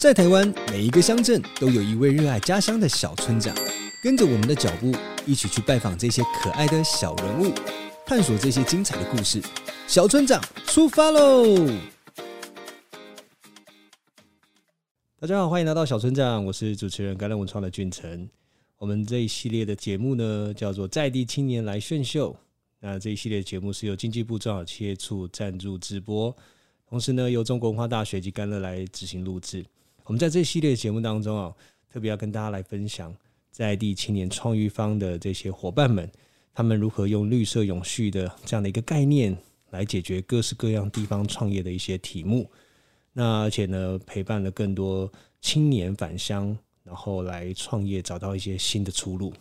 在台灣，每一個鄉鎮都有一位熱愛家鄉的小村長。跟着我們的腳步，一起去拜訪這些可愛的小人物，探索這些精彩的故事。小村長出發嘍！大家好，歡迎來到小村長，我是主持人甘樂文創的俊成。我們這一系列的節目呢，叫做在地青年來炫秀。那這一系列節目是由經濟部中小企業處贊助直播，同時呢，由中國文化大學及甘樂來執行錄製。我們在這系列節目當中啊，特別要跟大家來分享在地青年創育方的這些伙伴們，他們如何用綠色永續的這樣的一個概念來解決各式各樣地方創業的一些題目。那而且呢，陪伴了更多青年返鄉，然後來創業，找到一些新的出路。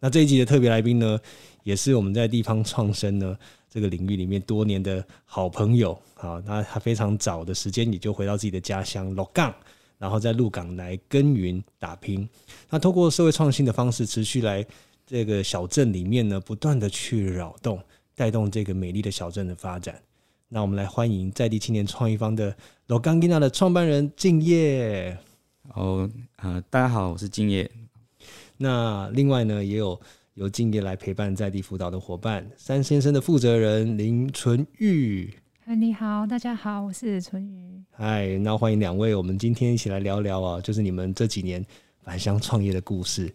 那這一集的特別來賓呢，也是我們在地方創生呢這個領域裡面多年的好朋友啊。那他非常早的時間，你就回到自己的家鄉鹿港。然後在鹿港來耕耘打拼，那通過社會創新的方式，持續來這個小鎮裡面呢，不斷的去擾動，帶動這個美麗的小鎮的發展。那我們來歡迎在地青年創育坊的鹿港囝仔的創辦人敬業。哦，啊、呃，大家好，我是敬業。那另外呢，也有由敬業來陪伴在地輔導的夥伴參先生的負責人林純瑜。哎，你好，大家好，我是純瑜。哎，那歡迎兩位，我們今天一起來聊聊啊，就是你們這幾年返鄉創業的故事。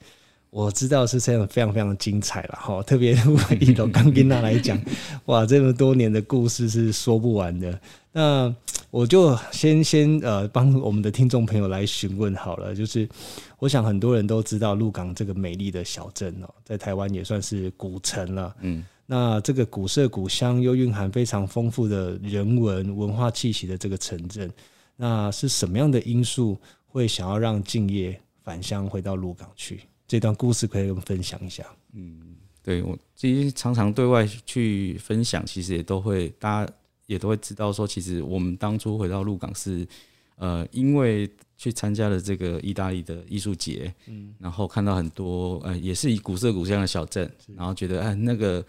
我知道是這樣，非常非常精彩了哈。特別鹿港剛跟他來講， 哇，這麼多年的故事是說不完的。那我就先先呃，幫我們的聽眾朋友來詢問好了。就是我想很多人都知道鹿港這個美麗的小鎮哦，在台灣也算是古城了。嗯。那這個古色古香又蘊含非常豐富的人文文、文化氣息的這個城鎮，那是什麼樣的因素會想要讓敬業返鄉回到鹿港去？這段故事可以跟我們分享一下？嗯，對，我其實常常對外去分享，其實也都會，大家也都會知道說，其實我們當初回到鹿港是，呃，因為去參加了這個意大利的藝術節，嗯，然後看到很多呃，也是以古色古香的小鎮，然後覺得哎那個。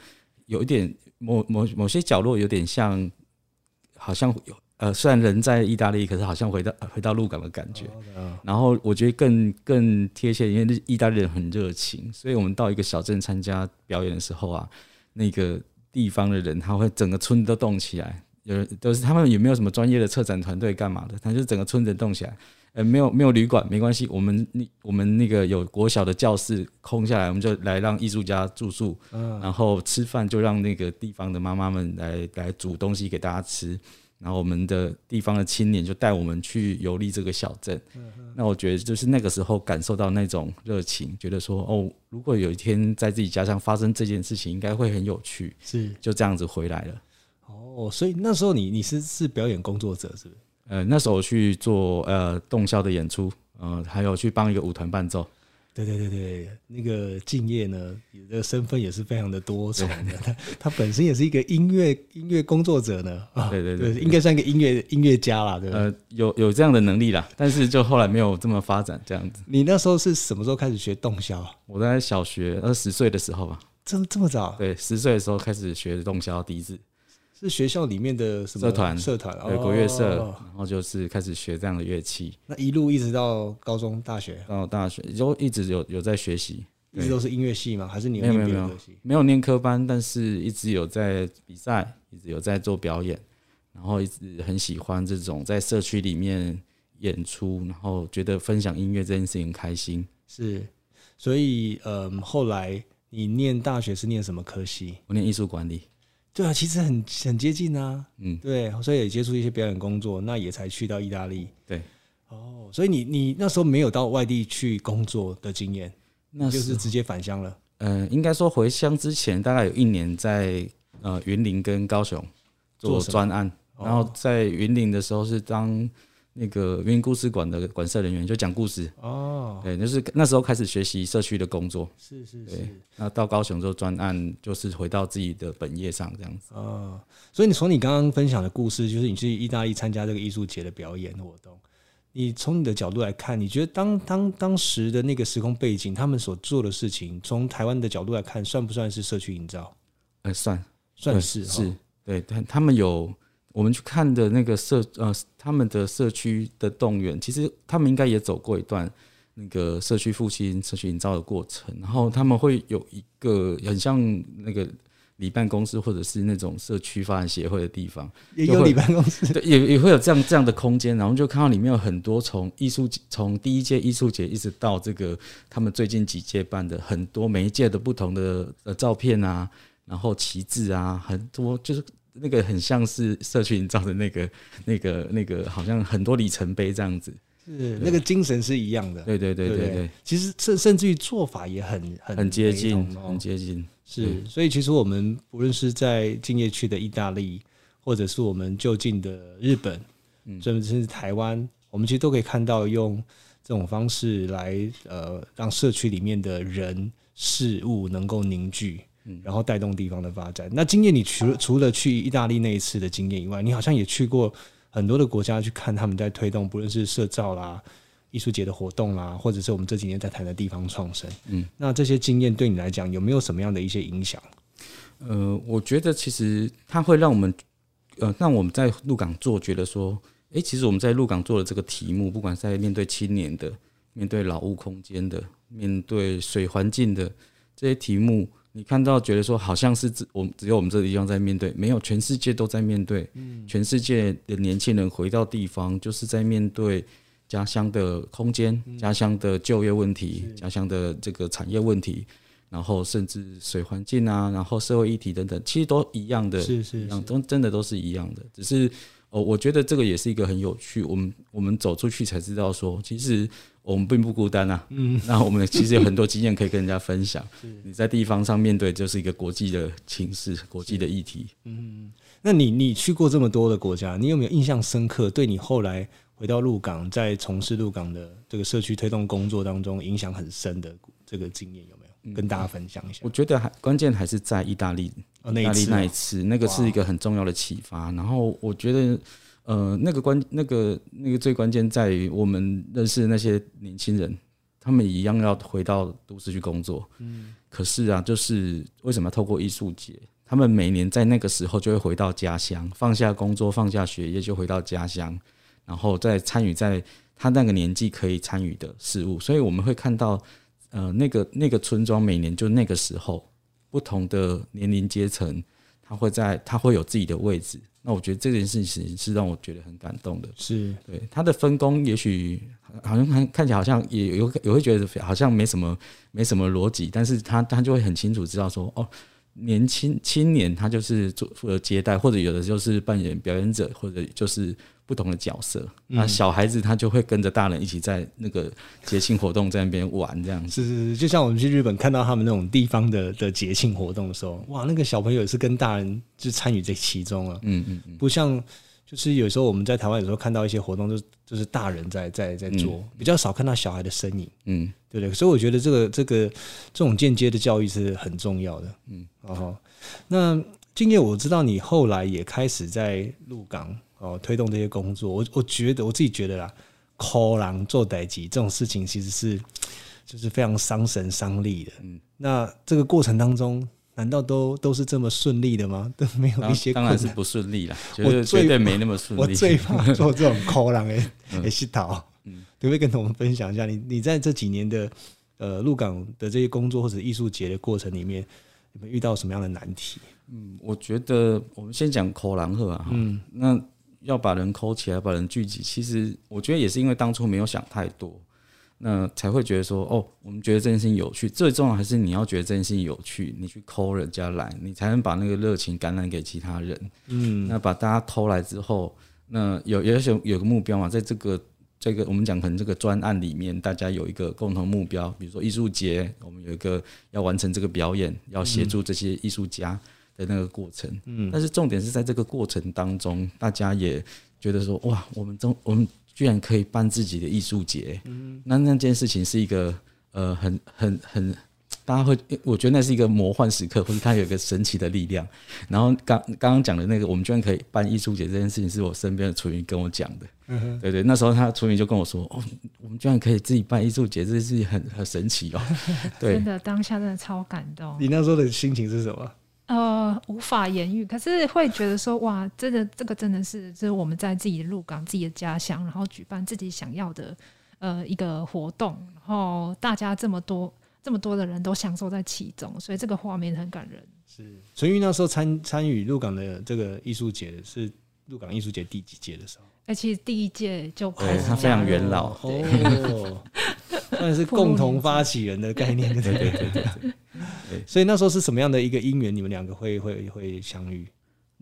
有一點某某某些角落有點像，好像有呃，雖然人在意大利，可是好像回到回到鹿港的感覺。Oh, yeah. 然後我覺得更更貼切，因為意大利人很熱情，所以我們到一個小鎮參加表演的時候啊，那個地方的人他會整個村子都動起來。有人都是他們也沒有什麼專業的策展團隊幹嘛的，他就整個村子動起來。呃，沒有沒有旅館沒關係，我們那我們那個有國小的教室空下來，我們就來讓藝術家住宿，然後吃飯就讓那個地方的媽媽們來來煮東西給大家吃，然後我們的地方的青年就帶我們去遊歷這個小鎮。那我覺得就是那個時候感受到那種熱情，覺得說哦，如果有一天在自己家鄉發生這件事情，應該會很有趣。是，就這樣子回來了。哦，所以那時候你你是是表演工作者，是不是？呃，那時候去做呃洞簫的演出，嗯、呃，還有去幫一個舞團伴奏。對對對對，那個敬業呢，的身份也是非常的多重的。他他本身也是一個音樂音樂工作者呢，哦、對，對對對，應該算一個音樂音樂家啦，對，對呃，有有這樣的能力啦，但是就後來沒有這麼發展這樣子。 你那時候是什麼時候開始學洞簫？我在小學呃十歲的時候吧，這這麼早？對，十歲的時候開始學洞簫笛子。是學校裡面的什麼社團，社團對國樂社、哦，然後就是開始學這樣的樂器。那一路一直到高中、大學，到大學就一直有有在學習，一直都是音樂系嗎？還是你有念別的系？沒有沒有沒有，沒有念科班，但是一直有在比賽，一直有在做表演，然後一直很喜歡這種在社區裡面演出，然後覺得分享音樂這件事情開心。是，所以嗯，後來你念大學是念什麼科系？我念藝術管理。對啊，其實很很接近吶、啊，嗯，對，所以也接觸一些表演工作，那也才去到意大利。對，哦、oh,，所以你你那時候沒有到外地去工作的經驗，那就是直接返鄉了。嗯、呃，應該說回鄉之前，大概有一年在呃雲林跟高雄做專案，oh. 然後在雲林的時候是當。那個雲故事館的館舍人員就講故事哦，對，那，就是那時候開始學習社區的工作，是是，是，是那到高雄之後，專案就是回到自己的本業上這樣子哦。所以你從你剛剛分享的故事，就是你去意大利參加這個藝術節的表演活動，你從你的角度來看，你覺得當當當時的那個時空背景，他們所做的事情，從台灣的角度來看，算不算是社區營造？呃，算，算是，是對，但，哦，他們有。我們去看的那個社呃，他們的社區的動員，其實他們應該也走過一段那個社區復興、社區營造的過程，然後他們會有一個很像那個里辦公室，或者是那種社區發展協會的地方，也有里辦公室，對，也也會有這樣這樣的空間，然後就看到裡面有很多從藝術從第一屆藝術節一直到這個他們最近幾屆辦的很多每一屆的不同的照片啊，然後旗幟啊，很多就是。那個很像是社區營造的那個、那個、那個，好像很多里程碑這樣子。是那個精神是一樣的。對對對對對，對，對，對，對，對，其實甚甚至於做法也很很，很接近、哦，很接近。是，嗯、所以其實我們不論是在敬業區的意大利，或者是我們就近的日本、嗯，甚至是台灣，我們其實都可以看到用這種方式來呃，讓社區裡面的人事物能夠凝聚。嗯、然後帶動地方的發展。那經驗你除了除了去意大利那一次的經驗以外，你好像也去過很多的國家去看他們在推動，不論是社造啦、藝術節的活動啦，或者是我們這幾年在談的地方創生。嗯，那這些經驗對你來講有沒有什麼樣的一些影響？呃，我覺得其實它會讓我們，呃，讓我們在鹿港做，覺得說，哎，其實我們在鹿港做的這個題目，不管是在面對青年的、面對老屋空間的、面對水環境的這些題目。你看到覺得說，好像是只我們只有我們這個地方在面對，沒有，全世界都在面對。全世界的年輕人回到地方，就是在面對家鄉的空間、家鄉的就業問題、家鄉的這個產業問題，然後甚至水環境啊，然後社會議題等等，其實都一樣的，是是，都真的都是一樣的，只是。哦，我覺得這個也是一個很有趣。我們我們走出去才知道說，說其實我們並不孤單啊。嗯，那我們其實有很多經驗可以跟人家分享。嗯， 你在地方上面對就是一個國際的情勢、國際的議題。嗯，那你你去過這麼多的國家，你有沒有印象深刻？對你後來回到鹿港，在從事鹿港的這個社區推動工作當中，影響很深的這個經驗有沒有、嗯、跟大家分享一下？我覺得還關鍵還是在意大利。那一次，那個是一個很重要的啟發。然後我覺得，呃，那個關，那個那個最關鍵在於，我們認識的那些年輕人，他們一樣要回到都市去工作。嗯，可是啊，就是為什麼透過藝術節？他們每年在那個時候就會回到家鄉，放下工作，放下學業，就回到家鄉，然後再參與在他那個年紀可以參與的事物。所以我們會看到，呃，那個那個村莊每年就那個時候。不同的年齡階層，他會在他會有自己的位置。那我覺得這件事情是讓我覺得很感動的。是，對他的分工，也許好像看看起來好像也有也會覺得好像沒什麼沒什麼邏輯，但是他他就會很清楚知道說，哦，年輕青年他就是做負責接待，或者有的就是扮演表演者，或者就是。不同的角色，那、嗯啊、小孩子他就會跟着大人一起在那個節慶活動在那邊玩，這樣子是是，是就像我們去日本看到他們那種地方的的節慶活動的時候，哇，那個小朋友也是跟大人就參與這其中了、啊，嗯嗯，嗯不像就是有時候我們在台灣有時候看到一些活動、就是，就是大人在在在做、嗯，比較少看到小孩的身影，嗯，對，對對，所以我覺得這個這個這種間接的教育是很重要的，嗯、哦，那敬業我知道你後來也開始在鹿港。哦，推動這些工作，我我覺得我自己覺得啦，扣狼做代誌這種事情其實是就是非常傷神傷力的、嗯。那這個過程當中，難道都都是這麼順利的嗎？都沒有一些？當然是不順利啦，我絕對沒那麼順利我我。我最怕做這種扣狼的，是 導。嗯，可不可以跟我們分享一下？你你在這幾年的呃，鹿港的這些工作或者藝術節的過程裡面，有沒有遇到什麼樣的難題？嗯，我覺得我們先講扣狼鶴啊，嗯，那。要把人 call 起來，把人聚集，其實我覺得也是因為當初沒有想太多，那才會覺得說，哦，我們覺得這件事情有趣。最重要還是你要覺得這件事情有趣，你去 call 人家來，你才能把那個熱情感染給其他人。嗯，那把大家偷來之後，那有也是有，有個目標嘛，在這個這個我們講可能這個專案裡面，大家有一個共同目標，比如說藝術節，我們有一個要完成這個表演，要協助這些藝術家。嗯的那個過程，嗯，但是重點是在這個過程當中，大家也覺得說，哇，我們中我們居然可以辦自己的藝術節，嗯，那那件事情是一個呃很很很大家會，我覺得那是一個魔幻時刻，或者它有一個神奇的力量。然後剛剛剛講的那個，我們居然可以辦藝術節這件事情，是我身邊的純瑜跟我講的，嗯、對，對對，那時候他純瑜就跟我說，哦，我們居然可以自己辦藝術節這件事情很很神奇哦， 對，真的當下真的超感動。你那時候的心情是什麼？呃，無法言喻，可是會覺得說，哇，真的，這個真的是，就是我們在自己的鹿港、自己的家鄉，然後舉辦自己想要的，呃，一個活動，然後大家這麼多、這麼多的人都享受在其中，所以這個畫面很感人。是，純瑜那時候參參與鹿港的這個藝術節，是鹿港藝術節第幾屆的時候？而且第一屆就這樣，對，他非常元老，那、哦、是共同發起人的概念。 對對對對，對，所以那時候是什麼樣的一個因緣，你們兩個會會會相遇？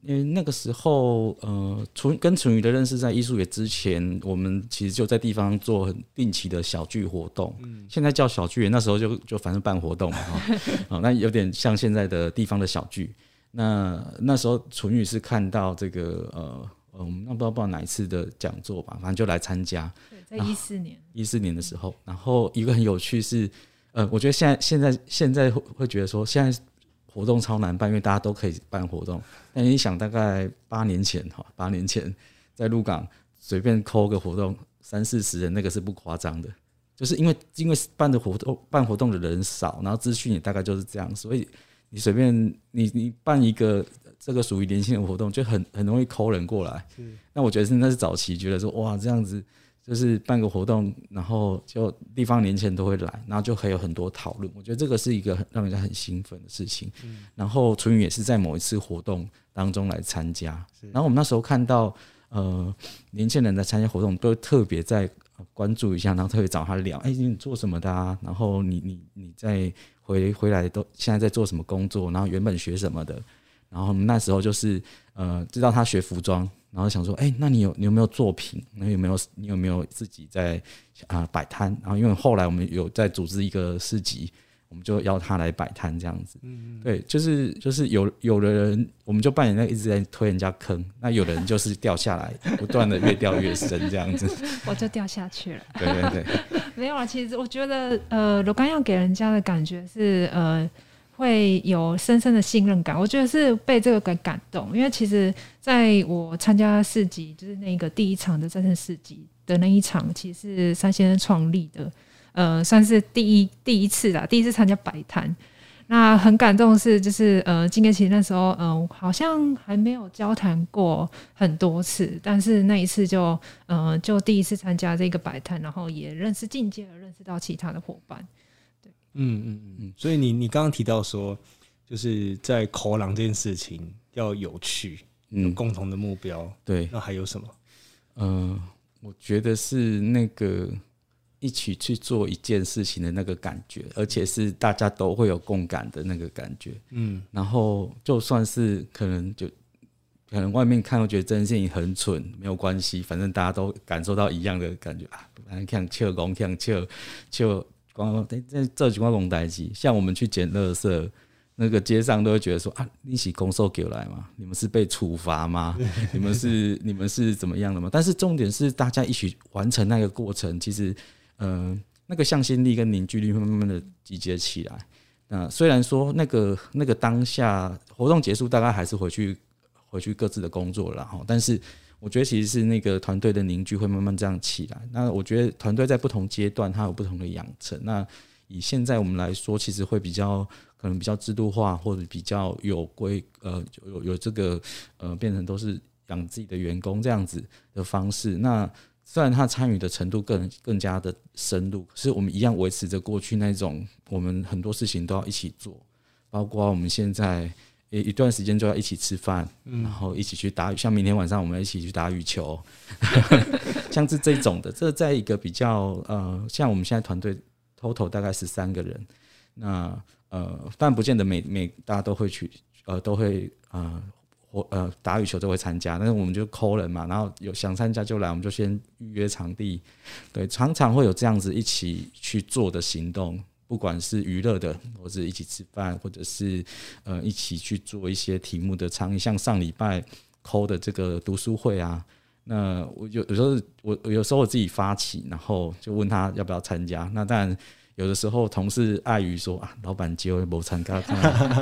因為那個時候，呃，純跟純瑜的認識在藝術節之前，我們其實就在地方做很定期的小聚活動，嗯。現在叫小聚，那時候就就反正辦活動、 哦、那有點像現在的地方的小聚。那那時候純瑜是看到這個呃。嗯，那不，不知道報哪一次的講座吧，反正就來參加。對，在一四年，一四年的時候，然後一個很有趣是，呃，我覺得現在現在現在會會覺得說，現在活動超難辦，因為大家都可以辦活動。但你想，大概八年前哈，八年前在鹿港隨便摳個活動，三四十人那個是不誇張的，就是因為因為辦的活動辦活動的人少，然後資訊也大概就是這樣，所以你隨便你你辦一個。這個屬於年輕人的活動，就很很容易摳人過來。那我覺得是那是早期，覺得說哇，這樣子就是辦個活動，然後就地方年輕人都會來，然後就可以有很多討論。我覺得這個是一個讓人家很興奮的事情。嗯、然後純瑜也是在某一次活動當中來參加。然後我們那時候看到呃年輕人在參加活動，都特別在關注一下，然後特別找他聊，哎、欸，你做什麼的，啊？然後你你你在回回來都現在在做什麼工作？然後原本學什麼的？然後我們那時候就是，呃，知道他學服裝，然後想說，哎、欸，那你有你有沒有作品？那有沒有你有沒有自己在啊擺攤？然後因為後來我們有在組織一個市集，我們就邀他來擺攤這樣子。嗯嗯對，就是就是有有的人，我們就扮演，在一直在推人家坑，那有的人就是掉下來，不斷的越掉越深這樣子 我就掉下去了。 對對對， 沒有啊，其實我覺得，呃，羅剛耀給人家的感覺是，呃。會有深深的信任感，我覺得是被這個給感動，因為其實在我參加市集，就是那個第一場的正式市集的那一場，其實是參先生創立的，呃，算是第一第一次啦，第一次參加擺攤，那很感動是就是呃，跟敬業那時候嗯、呃，好像還沒有交談過很多次，但是那一次就嗯、呃，就第一次參加這個擺攤，然後也認識敬業，而認識到其他的伙伴。嗯嗯嗯嗯，所以你你剛剛提到說，就是在口朗這件事情要有趣，嗯，有共同的目標、嗯，對，那還有什麼？嗯、呃，我覺得是那個一起去做一件事情的那個感覺，而且是大家都會有共感的那個感覺。嗯，然後就算是可能就可能外面看又覺得這件事情很蠢，沒有關係，反正大家都感受到一樣的感覺啊，反正像切工像切切。在這幾光龍台機，像我們去撿垃圾，那個街上都會覺得說啊，一起公瘦狗來嘛？你們是被處罰嗎？ 你們是你們是怎麼樣的嗎？但是重點是大家一起完成那個過程，其實，嗯、呃，那個向心力跟凝聚力會慢慢的集結起來。那雖然說那個那個當下活動結束，大家還是回去回去各自的工作了。但是。我覺得其實是那個團隊的凝聚會慢慢這樣起來。那我覺得團隊在不同階段它有不同的養成。那以現在我們來說，其實會比較可能比較制度化，或者比較有規呃，有有這個呃，變成都是養自己的員工這樣子的方式。那雖然他參與的程度更更加的深入，可是我們一樣維持着過去那種我們很多事情都要一起做，包括我們現在。一一段時間就要一起吃飯，然後一起去打羽、嗯，像明天晚上我們一起去打羽球，嗯、 像是這種的。這在一個比較呃，像我們現在團隊 total 大概十三個人，那呃，但不見得每每大家都會去，呃，都會啊，或呃，呃打羽球都會參加。但是我們就 call 人嘛，然後有想參加就來，我們就先預約場地。對，常常會有這樣子一起去做的行動。不管是娛樂的，或者是一起吃飯，或者是呃一起去做一些題目的參與，像上禮拜摳的這個讀書會啊，那我有有時候我有時候我自己發起，然後就問他要不要參加。那當然有的時候同事礙於說啊，老闆叫我參加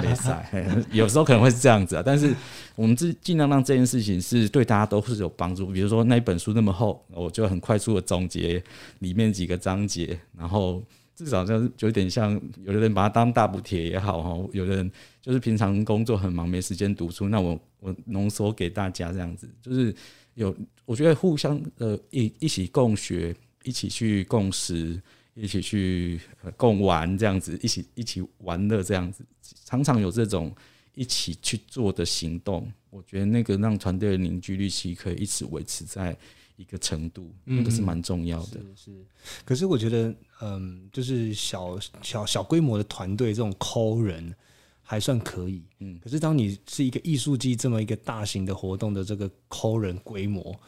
比賽，可 有時候可能會是這樣子啊。但是我們是儘量讓這件事情是對大家都是有幫助。比如說那一本書那麼厚，我就很快速的總結裡面幾個章節，然後。至少就是有點像，有的人把它當大補帖也好哈，有的人就是平常工作很忙，沒時間讀書，那我我濃縮給大家這樣子，就是有，我覺得互相呃一一起共學，一起去共食，一起去共玩這樣子，一起一起玩樂這樣子，常常有這種一起去做的行動，我覺得那個讓團隊的凝聚力其實可以一直維持在。一個程度，這個是蠻重要的。嗯，是，是。可是我覺得，嗯，就是小小小規模的團隊，這種 call 人還算可以。嗯，可是當你是一個藝術季這麼一個大型的活動的這個 call 人規模，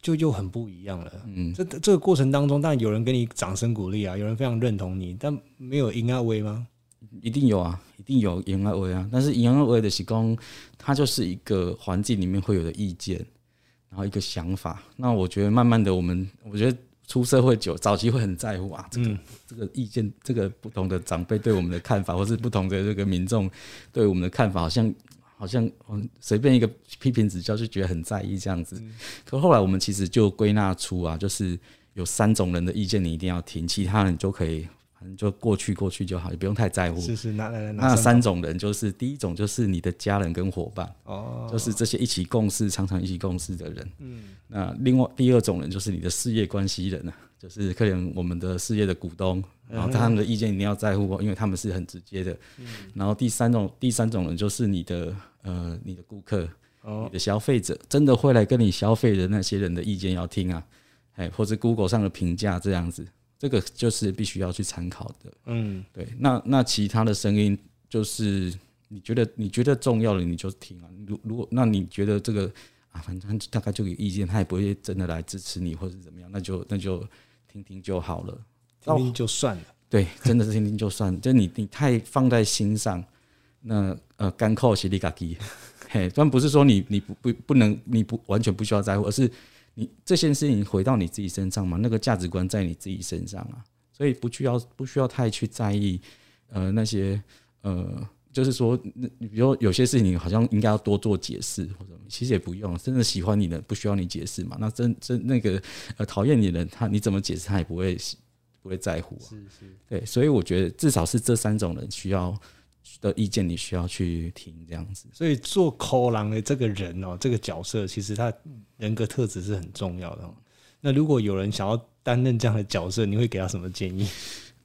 就又很不一樣了。嗯，這這個過程當中，當然有人給你掌聲鼓勵啊，有人非常認同你，但沒有迎二為嗎？一定有啊，一定有迎二為啊。但是迎二為的時光，它就是一個環境裡面會有的意見。然後一個想法，那我覺得慢慢的，我們我覺得出社會久，早期會很在乎啊，這個、嗯、這個意見，這個不同的長輩對我們的看法，或是不同的這個民眾對我們的看法，好像好像隨便一個批評指教就覺得很在意這樣子，嗯。可後來我們其實就歸納出啊，就是有三種人的意見你一定要聽，其他人就可以。就過去過去就好，也不用太在乎。是是，那那三種人就是：第一種就是你的家人跟夥伴，哦，就是這些一起共事、常常一起共事的人。嗯，那另外第二種人就是你的事業關係人啊，就是可能我們的事業的股東，嗯、然後他們的意見一定要在乎哦，因為他們是很直接的。嗯、然後第三種第三種人就是你的呃你的顧客、哦，你的消費者真的會來跟你消費的那些人的意見要聽啊，誒，或者 Google 上的評價這樣子。這個就是必須要去參考的，嗯，對。那那其他的聲音，就是你覺得你覺得重要的你就聽啊。如如果那你覺得這個啊，反正大概就有意見，他也不會真的來支持你，或是怎麼樣，那就那就聽聽就好了，聽聽就算了。哦、對，真的是聽聽就算了。 就你你太放在心上，那呃甘苦的是你自己， 嘿。但不是說你你不不不能，你不完全不需要在乎，而是。你這些事情回到你自己身上嘛，那個價值觀在你自己身上啊，所以不需要不需要太去在意，呃，那些呃，就是說，你比如有些事情好像應該要多做解釋或者什麼，其實也不用。真的喜歡你的，不需要你解釋嘛。那真真那個呃，討厭你的人，他你怎麼解釋他也不會不會在乎啊。是是。對，所以我覺得至少是這三種人需要。的意見你需要去聽，這樣子。所以做扣籃的這個人哦、喔，這個角色其實他人格特質是很重要的、喔。那如果有人想要擔任這樣的角色，你會給他什麼建議？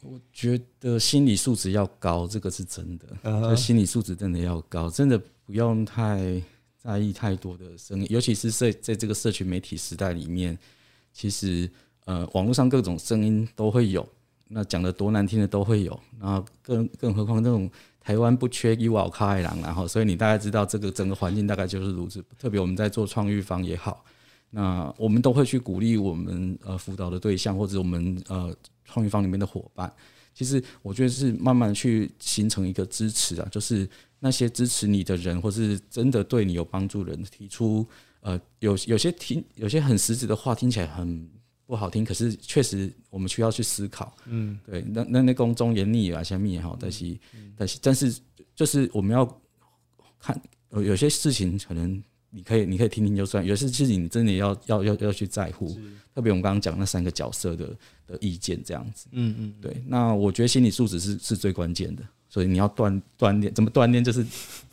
我覺得心理素質要高，這個是真的。Uh-huh. 心理素質真的要高，真的不用太在意太多的聲音，尤其是在在這個社群媒體時代裡面，其實呃，網絡上各種聲音都會有，那講得多難聽的都會有。那更更何況這種。台灣不缺伊娃卡艾郎，然後所以你大概知道這個整個環境大概就是如此。特別我們在做創育方也好，那我們都會去鼓勵我們呃輔導的對象或者我們呃創育方裡面的夥伴。其實我覺得是慢慢去形成一個支持啊，就是那些支持你的人，或是真的對你有幫助人，提出呃有有些聽有些很實質的話，聽起來很。不好聽，可是確實我們需要去思考。嗯，對，那那那公忠言逆有一些逆哈，但是但是、嗯嗯、但是就是我們要看有些事情可能你可以你可以聽聽就算，有些事情你真的要要要要去在乎。特別我們剛剛講那三個角色的的意見這樣子。嗯嗯，對，那我覺得心理素質是是最關鍵的，所以你要鍛鍛鍊，怎麼鍛鍊？就是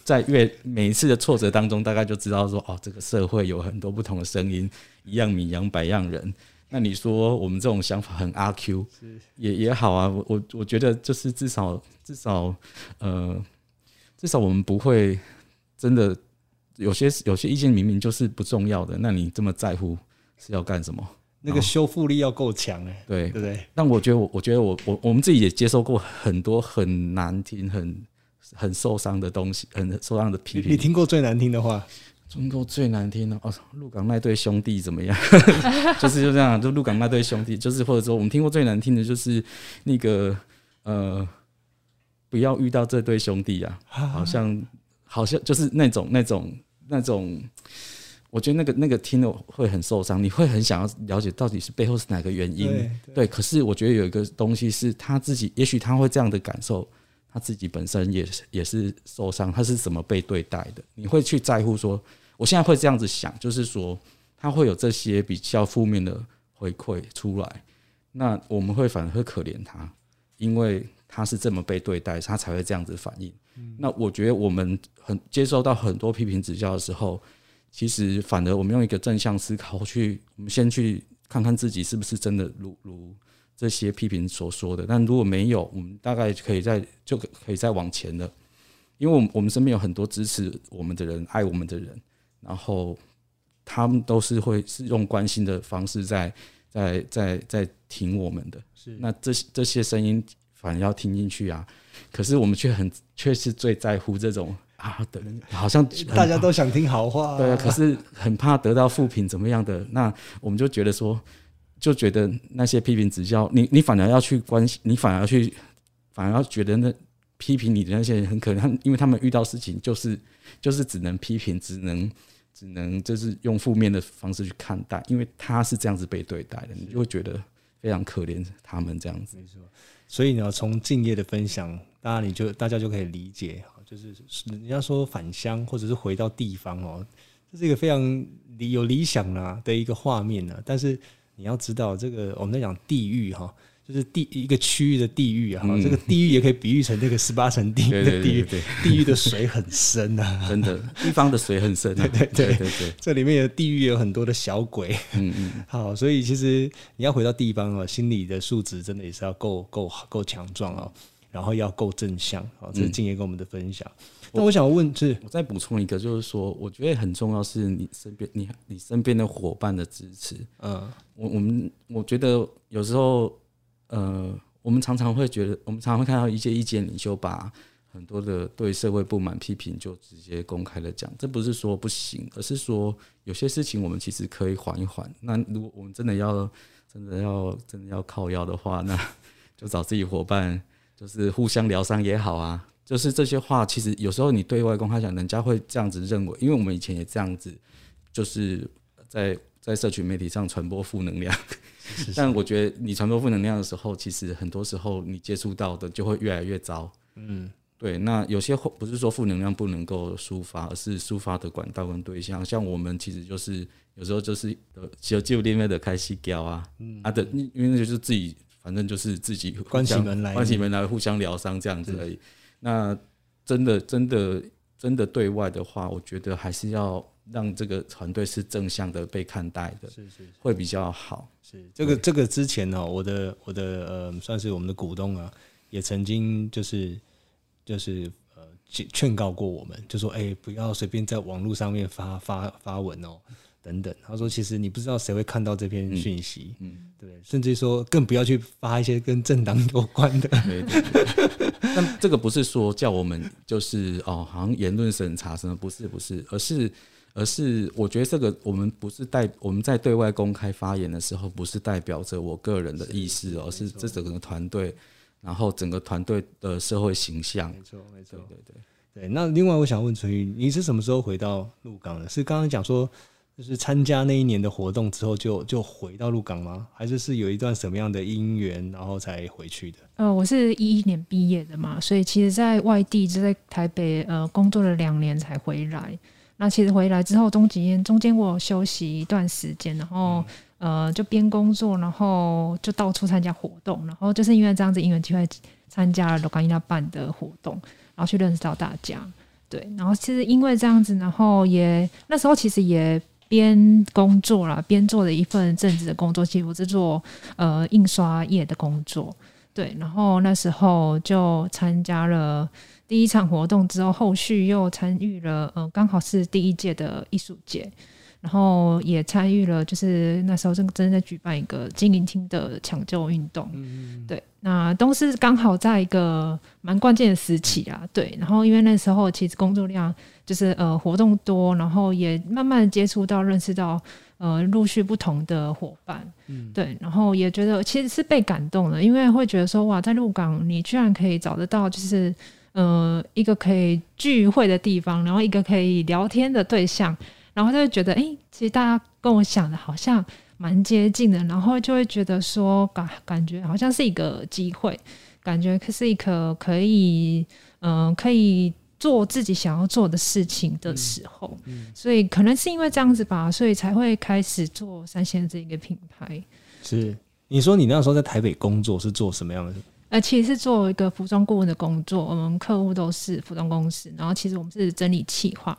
在越每一次的挫折當中，大概就知道說哦，這個社會有很多不同的聲音，一樣米養百樣人。那你說我們這種想法很阿 Q，也也好啊。我我我覺得就是至少至少呃，至少我們不會真的有些有些意見明明就是不重要的，那你這麼在乎是要幹什麼？那個修復力要夠強欸，對對對？但我覺得我我覺得我我我們自己也接受過很多很難聽、很很受傷的東西，很受傷的批評。你聽過最難聽的話？聽過最難聽的哦，鹿港那對兄弟怎麼樣？ 就是就這樣，就鹿港那對兄弟，就是或者說我們聽過最難聽的就是那個呃，不要遇到這對兄弟啊，好像好像就是那種那種那種，我覺得那個那個聽了會很受傷，你會很想要了解到底是背後是哪個原因？對，對對可是我覺得有一個東西是他自己，也許他會這樣的感受，他自己本身也是也是受傷，他是怎麼被對待的？你會去在乎說？我現在會這樣子想，就是說他會有這些比較負面的回饋出來，那我們會反而會可憐他，因為他是這麼被對待，他才會這樣子反應。嗯、那我覺得我們很接受到很多批評指教的時候，其實反而我們用一個正向思考去，我們先去看看自己是不是真的如如這些批評所說的，但如果沒有，我們大概就可以再就可以再往前了，因為，我我們身邊有很多支持我們的人，愛我們的人。然後他們都是會是用關心的方式在在在在聽我們的是，是那這這些聲音反而要聽進去啊。可是我們卻很卻是最在乎這種啊，的好像大家都想聽好話、啊，對啊。可是很怕得到負評怎麼樣的， 那我們就覺得說，就覺得那些批評指教，你你反而要去關心，你反而去反而要覺得那批評你的那些人，很可憐因為他們遇到事情就是就是只能批評，只能。只能就是用負面的方式去看待，因為他是這樣子被對待的，你就會覺得非常可憐他們這樣子。沒錯，所以要從敬業的分享，大家你就大家就可以理解，就是人家說返鄉或者是回到地方哦，這是一個非常理有理想啦的一個畫面呢。但是你要知道，這個我們在講地域哈。就是地一個區域的地域啊，嗯，這個地域也可以比喻成這個十八層地獄的地獄，地獄的水很深啊， 真的，地方的水很深，啊對對對，對對對對對，這裡面的地域有很多的小鬼，嗯嗯，好，所以其實你要回到地方啊，心理的素質真的也是要夠夠夠強壯啊，然後要夠正向啊，這是敬業跟我們的分享。那，嗯、我想我問，我是我再補充一個，就是說，我覺得很重要是你身邊你你身邊的夥伴的支持，嗯，呃，我我們我覺得有時候。呃，我們常常會覺得，我們常常會看到一些意見領袖把很多的對社會不滿批評就直接公開的講，這不是說不行，而是說有些事情我們其實可以緩一緩。那如果我們真的要真的要真的要靠腰的話，那就找自己夥伴，就是互相療傷也好啊。就是這些話，其實有時候你對外公開講，人家會這樣子認為，因為我們以前也這樣子，就是在。在社群媒體上傳播負能量，但我覺得你傳播負能量的時候，其實很多時候你接觸到的就會越來越糟。嗯，對。那有些話不是說負能量不能夠抒發，而是抒發的管道跟對象。像我們其實就是有時候就是呃，只有另外的開始聊啊，啊的，因為那就是自己，反正就是自己關起門來關起門來互相療傷這樣子而已。那真的真的真的對外的話，我覺得還是要。讓這個團隊是正向的被看待的，是、是、是會比較好。是這個這個之前呢、喔，我的我的呃，算是我們的股東啊，也曾經就是就是呃勸告過我們，就說哎、欸，不要隨便在網絡上面發發發文哦、喔，等等。他說，其實你不知道誰會看到這篇訊息，嗯，嗯，對，對是是甚至說更不要去發一些跟政黨有關的。那 對對 這個不是說叫我們就是哦，好像言論審查什麼，不是不是，而是。而是我覺得這個我們不是代我們在對外公開發言的時候，不是代表着我個人的意思，喔，而是這整個團隊，然後整個團隊的社會形象對對對。沒錯，沒錯，沒錯，對對對對。那另外我想問純瑜，你是什麼時候回到鹿港的？是剛剛講說就是參加那一年的活動之後就就回到鹿港嗎？還是是有一段什麼樣的姻緣，然後才回去的？呃，我是一一年畢業的嘛，所以其實在外地就在台北呃工作了兩年才回來。那其實回來之後，中間中間我休息一段時間，然後呃就邊工作，然後就到處參加活動，然後就是因為這樣子，因緣際會參加了鹿港囝仔辦的活動，然後去認識到大家，對，然後其實因為這樣子，然後也那時候其實也邊工作啦，邊做了一份正式的工作，其實我是做呃印刷業的工作，對，然後那時候就參加了。第一場活動之後，後續又參與了，嗯、呃，剛好是第一屆的藝術節，然後也參與了，就是那時候正正在舉辦一個金銀廳的搶救運動，嗯對，那都是剛好在一個蠻關鍵的時期啊，對，然後因為那時候其實工作量就是呃活動多，然後也慢慢接觸到認識到呃陸續不同的夥伴，嗯，對，然後也覺得其實是被感動了，因為會覺得說哇，在鹿港你居然可以找得到就是。嗯呃，一個可以聚會的地方，然後一個可以聊天的對象，然後就會覺得，哎、欸，其實大家跟我想的好像蠻接近的，然後就會覺得說，感感覺好像是一個機會，感覺是一個可以，嗯、呃，可以做自己想要做的事情的時候、嗯嗯，所以可能是因為這樣子吧，所以才會開始做參先生這一個品牌。是，你說你那時候在台北工作是做什麼樣的？呃，其實是做一個服裝顧問的工作，我們客戶都是服裝公司，然後其實我們是整理企劃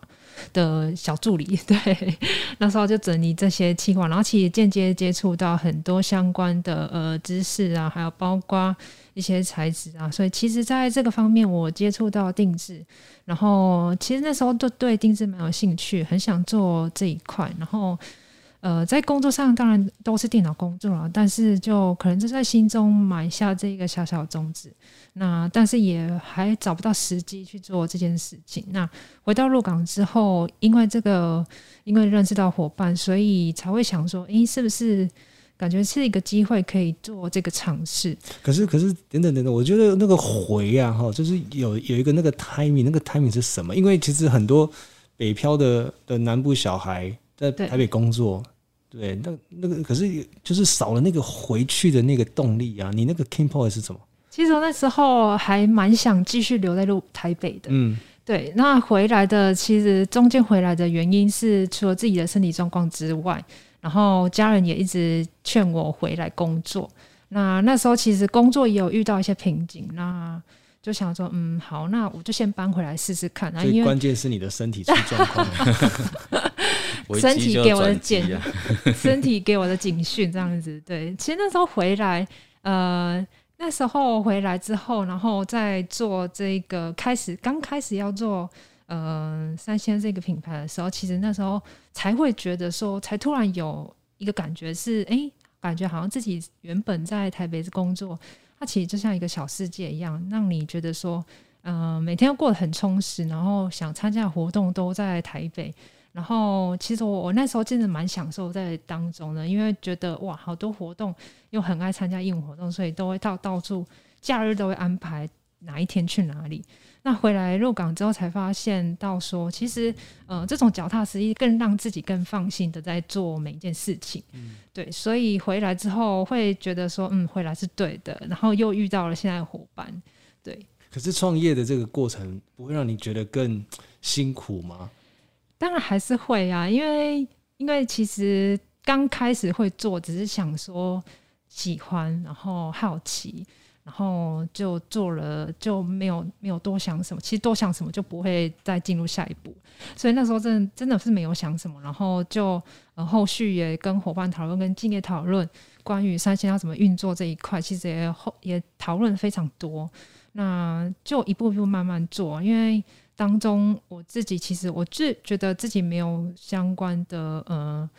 的小助理，對，那時候就整理這些企劃，然後其實間接接觸到很多相關的呃知識啊，還有包括一些材質啊，所以其實在這個方面我接觸到定制，然後其實那時候就對定制蠻有興趣，很想做這一塊，然後。呃，在工作上當然都是電腦工作了，但是就可能就在心中埋下這一個小小的種子。那但是也還找不到時機去做這件事情。那回到鹿港之後，因為這個，因為認識到夥伴，所以才會想說，哎、欸，是不是感覺是一個機會可以做這個嘗試？可是可是等等等等，我覺得那個回啊，哈，就是有有一個那個 timing，那個 timing 是什麼？因為其實很多北漂的的南部小孩在台北工作。對，那那個可是就是少了那個回去的那個動力啊！你那個 key point 是什麼？其實我那時候還蠻想繼續留在台北的。嗯，對，那回來的其實中間回來的原因是除了自己的身體狀況之外，然後家人也一直勸我回來工作。那那時候其實工作也有遇到一些瓶頸，那就想說，嗯，好，那我就先搬回來試試看。所、啊、以關鍵是你的身體出狀況。啊 身體給我的檢，啊、 身體給我的警訊，這樣子對。其實那時候回來，呃，那時候回來之後，然後在做這個開始，剛開始要做，呃參先生這個品牌的時候，其實那時候才會覺得說，才突然有一個感覺是，哎、欸，感覺好像自己原本在台北工作，它其實就像一個小世界一樣，讓你覺得說，嗯、呃，每天過得很充實，然後想參加的活動都在台北。然後其實我我那時候真的蠻享受在當中呢，因為覺得哇好多活動又很愛參加義務活動，所以都會到到處假日都會安排哪一天去哪裡。那回來鹿港之後才發現到說，其實呃這種腳踏實地更讓自己更放心的在做每一件事情、嗯。對，所以回來之後會覺得說嗯回來是對的，然後又遇到了現在的伙伴。對，可是創業的這個過程不會讓你覺得更辛苦嗎？當然還是會啊，因為因為其實剛開始會做，只是想說喜歡，然後好奇，然後就做了，就沒有沒有多想什麼。其實多想什麼就不會再進入下一步。所以那時候真的真的是沒有想什麼，然後就、呃、後續也跟夥伴討論，跟敬業討論關於參先生要怎麼運作這一塊，其實也後也討論非常多。那就一步一步慢慢做，因為。當中，我自己其實我自覺得自己沒有相關的呃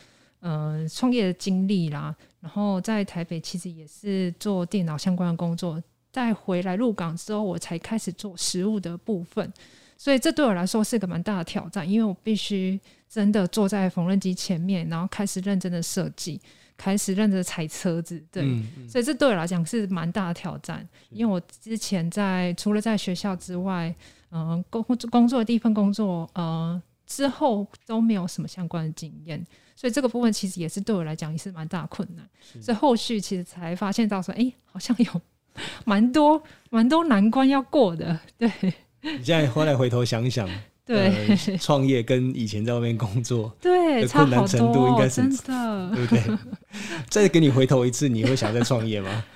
呃創業的經歷啦。然後在台北其實也是做電腦相關的工作，在回來鹿港之後，我才開始做實物的部分。所以這對我來說是個蠻大的挑戰，因為我必須真的坐在縫紉機前面，然後開始認真的設計，開始認真的踩車子。對、嗯嗯，所以這對我來講是蠻大的挑戰，因為我之前在除了在學校之外。嗯，工工作第一份工作，嗯、呃，之後都沒有什麼相關的經驗，所以這個部分其實也是對我來講也是蠻大的困難。所以後續其實才發現到說，哎、欸，好像有蠻多蠻多難關要過的。對，你現在回來回頭想一想，對，呃、創業跟以前在外面工作，對，困難程度應該是、差好多哦、真的，對不對？再給你回頭一次，你會想再創業嗎？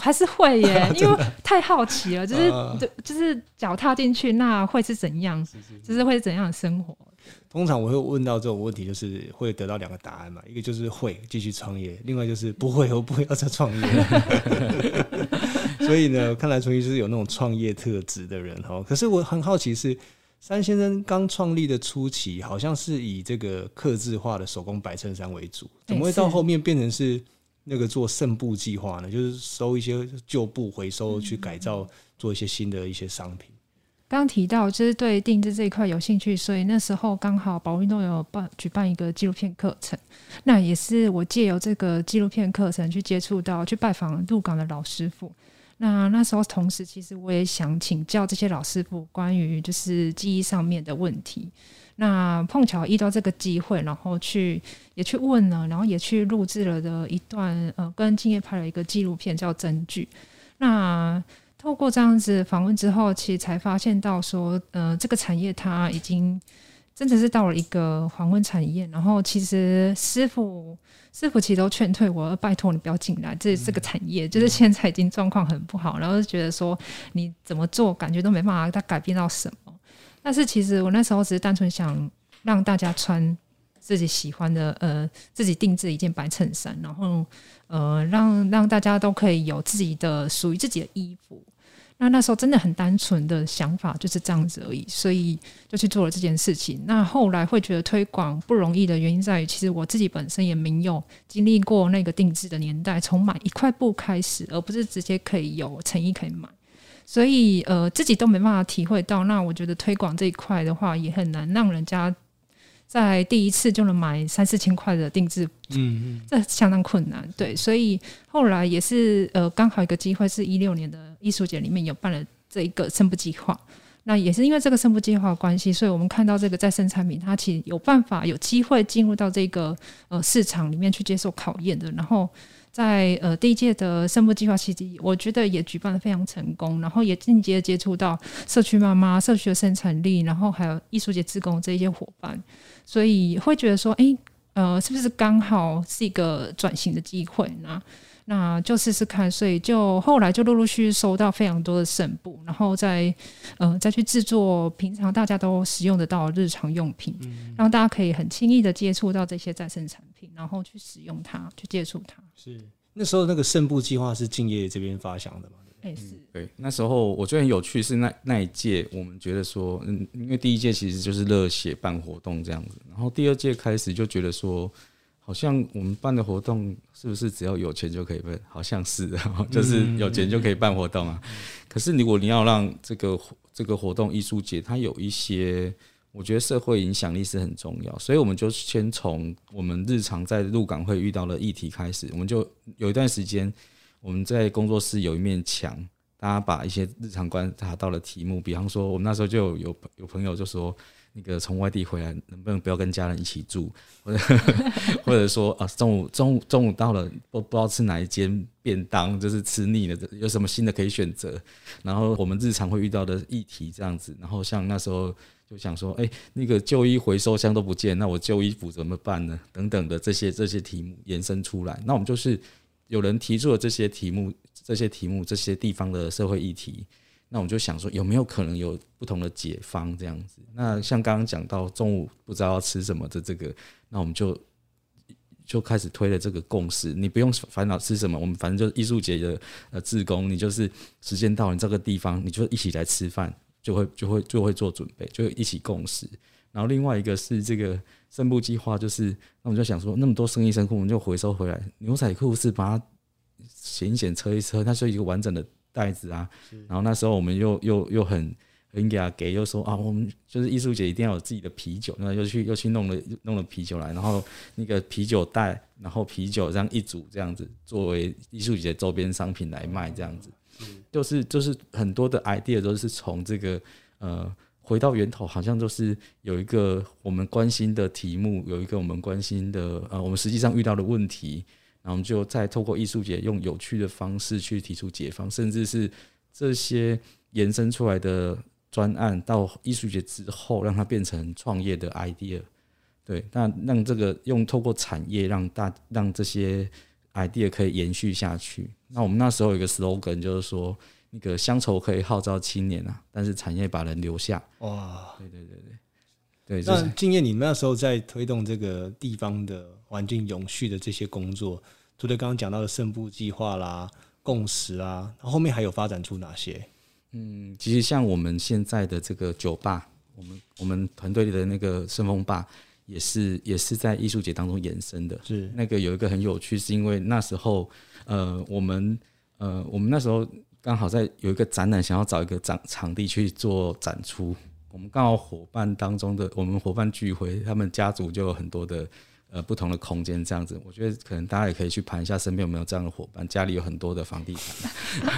還是會耶、欸，因為太好奇了，就是、啊、就是腳踏進去，那會是怎樣？就是，是，是，是會是怎樣的生活？通常我會問到這種問題，就是會得到兩個答案嘛，一個就是會繼續創業，另外就是不會，我不會要再創業。 所以呢，看來純瑜是有那種創業特質的人哈。可是我很好奇是，參先生剛創立的初期，好像是以這個客製化的手工白襯衫為主，怎麼會到後面變成是，是？那個做剩布計劃呢，就是收一些舊布回收去改造，做一些新的一些商品。剛提到就是對定制這一塊有興趣，所以那時候剛好寶運動有辦舉辦一個紀錄片課程，那也是我借由這個紀錄片課程去接觸到去拜訪鹿港的老師傅。那那時候同時其實我也想請教這些老師傅關於就是技藝上面的問題。那碰巧遇到這個機會，然後去也去問了，然後也去錄制了的一段呃，跟敬業拍了一個紀錄片叫《證據》。那透過這樣子訪問之後，其實才發現到說，呃，這個產業它已經真的是到了一個黃昏產業。然後其實師傅師傅其實都勸退我，拜托你不要進來，這這個產業，嗯、就是現在已經狀況很不好。然後就覺得說，你怎麼做，感覺都沒辦法它改變到什麼。但是其實我那時候只是單純想讓大家穿自己喜歡的，呃，自己定制一件白襯衫，然後，呃，讓讓大家都可以有自己的屬於自己的衣服。那那時候真的很單純的想法就是這樣子而已，所以就去做了這件事情。那後來會覺得推廣不容易的原因在於，其實我自己本身也沒有經歷過那個定制的年代，從買一塊布開始，而不是直接可以有成衣可以買。所以，呃，自己都沒辦法體會到。那我覺得推廣這一塊的話，也很難讓人家在第一次就能買三四千塊的定制，嗯嗯，這相當困難。對，所以後來也是呃，剛好一個機會，是一六年的藝術節裡面有辦了這一個生布計劃。那也是因為這個生布計劃的關係，所以我們看到這個再生產品，它其實有辦法有機會進入到這個呃市場裡面去接受考驗的。然後。在呃，第一屆的生物計劃期間，我覺得也舉辦的非常成功，然後也間接接觸到社區媽媽、社區的生產力，然後還有藝術節志工的這一些夥伴，所以會覺得說，哎、欸，呃，是不是剛好是一個轉型的機會呢？那就試試看，所以就後來就陸陸續續收到非常多的剩布，然後再嗯、呃、再去製作平常大家都使用得到的日常用品，嗯，讓大家可以很輕易的接觸到這些再生產品，然後去使用它，去接觸它。是那時候那個剩布計劃是敬業這邊發想的嗎？哎、欸、是、嗯。對，那時候我覺得很有趣是那那一屆，我們覺得說，嗯，因為第一屆其實就是熱血辦活動這樣子，然後第二屆開始就覺得說。好像我們辦的活動是不是只要有錢就可以辦？好像是，就是有錢就可以辦活動啊。嗯嗯嗯，可是如果你要讓這個這個活動藝術節，它有一些，我覺得社會影響力是很重要。所以我們就先從我們日常在鹿港會遇到的議題開始。我們就有一段時間，我們在工作室有一面牆，大家把一些日常觀察到的題目，比方說，我們那時候就有有朋友就說。那個從外地回來，能不能不要跟家人一起住？或者或者說，啊中，中午中午中午到了，不不知道吃哪一間便當，就是吃膩了，有什麼新的可以選擇？然後我們日常會遇到的議題這樣子，然後像那時候就想說，誒、欸，那個舊衣回收箱都不見，那我舊衣服怎麼辦呢？等等的這些這些題目延伸出來，那我們就是有人提出了這些題目，這些題目，這些地方的社會議題。那我們就想說，有沒有可能有不同的解方這樣子？那像剛剛講到中午不知道要吃什麼的這個，那我們就就開始推了這個共識，你不用煩惱吃什麼，我們反正就是藝術節的呃志工，你就是時間到了你這個地方，你就一起來吃飯，就會就會就會做準備，就一起共識。然後另外一個是這個剩布計劃，就是那我就想說，那麼多生意生褲，我們就回收回來，牛仔褲是把它剪一剪車一車，它是一個完整的。袋子啊，然後那時候我們又又又很很給啊給，又說啊，我們就是藝術節一定要有自己的啤酒，那又去又去弄了弄了啤酒來，然後那個啤酒袋，然後啤酒這樣一組這樣子，作為藝術節周邊商品來賣這樣子，就是就是很多的 idea 都是從這個呃回到源頭，好像就是有一個我們關心的題目，有一個我們關心的呃我們實際上遇到的問題。然後我們就再透過藝術節，用有趣的方式去提出解方，甚至是這些延伸出來的專案到藝術節之後，讓它變成創業的 idea。對，那讓這個用透過產業讓大讓這些 idea 可以延續下去。那我們那時候有一個 slogan 就是說，那個鄉愁可以號召青年啊，但是產業把人留下。哇、哦，對對對對，對。那敬業。你們那時候在推動這個地方的。環境永續的這些工作，除了剛剛講到的“聖部計劃”啦、共識啦，後面還有發展出哪些？嗯，其實像我們現在的這個酒吧，我們我們團隊裡的那個勝豐吧，也是也是在藝術節當中延伸的。是那個有一個很有趣，是因為那時候呃，我們呃，我們那時候剛好在有一個展覽，想要找一個展場地去做展出。我們剛好夥伴當中的我們夥伴聚會，他們家族就有很多的。呃，不同的空間這樣子，我覺得可能大家也可以去盤一下身邊有沒有這樣的夥伴，家裡有很多的房地產。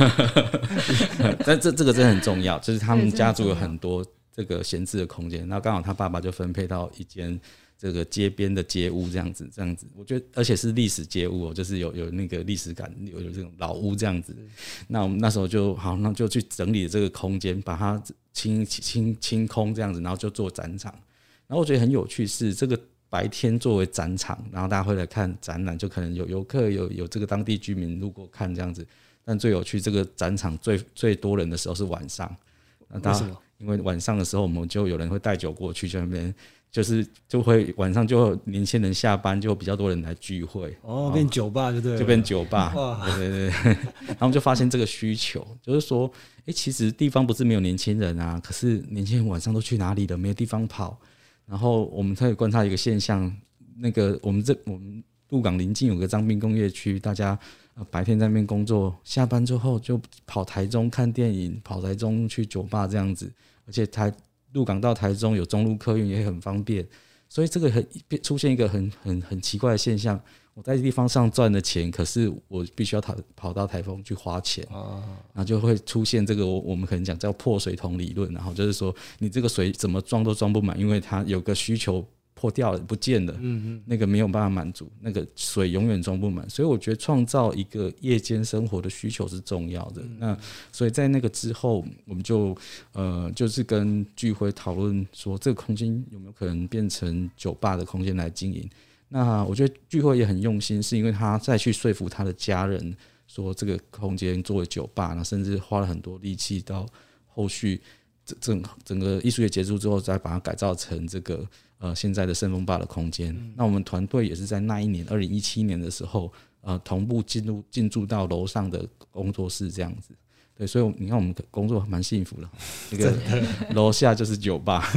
但這這個真的很重要，就是他們家族有很多這個閒置的空間，那剛好他爸爸就分配到一間這個街邊的街屋這樣子，這樣子，我覺得而且是歷史街屋喔，就是有有那個歷史感，有有這種老屋這樣子。那我們那時候就好，那就去整理這個空間，把它清清清空這樣子，然後就做展場，然後我覺得很有趣是這個。白天作為展場，然後大家會來看展覽，就可能有遊客、有有這個當地居民路過看這樣子。但最有趣，這個展場最最多人的時候是晚上那。為什麼？因為晚上的時候，我們就有人會帶酒過去，就那邊就是就會晚上就年輕人下班就比較多人來聚會。哦，變酒吧就對，就變酒吧。對對對。 然後我們就發現這個需求，就是說，哎、欸，其實地方不是沒有年輕人啊，可是年輕人晚上都去哪裡了？沒有地方跑。然後我們可以觀察一個現象，那個我們這我們鹿港臨近有個彰濱工業區，大家白天在那邊工作，下班之後就跑台中看電影，跑台中去酒吧這樣子，而且台鹿港到台中有中鹿客運也很方便，所以這個很出現一個很很很奇怪的現象。我在地方上賺的錢，可是我必須要跑跑到台風去花錢，啊，然後就會出現這個，我們可能講叫破水桶理論，然後就是說你這個水怎麼裝都裝不滿，因為它有個需求破掉了，不見了，嗯，那個沒有辦法滿足，那個水永遠裝不滿。所以我覺得創造一個夜間生活的需求是重要的。嗯、那所以在那個之後，我們就呃就是跟聚會討論說，這個空間有沒有可能變成酒吧的空間來經營。那我覺得敬業也很用心，是因為他再去說服他的家人，說這個空間，作為酒吧，那甚至花了很多力氣到後續整整整個藝術節結束之後，再把它改造成這個呃現在的聖豐吧的空間、嗯。那我們團隊也是在那一年二零一七年的時候，呃，同步進入進駐到樓上的工作室這樣子。對，所以你看，我們工作蠻幸福的，這、那個樓下就是酒吧 。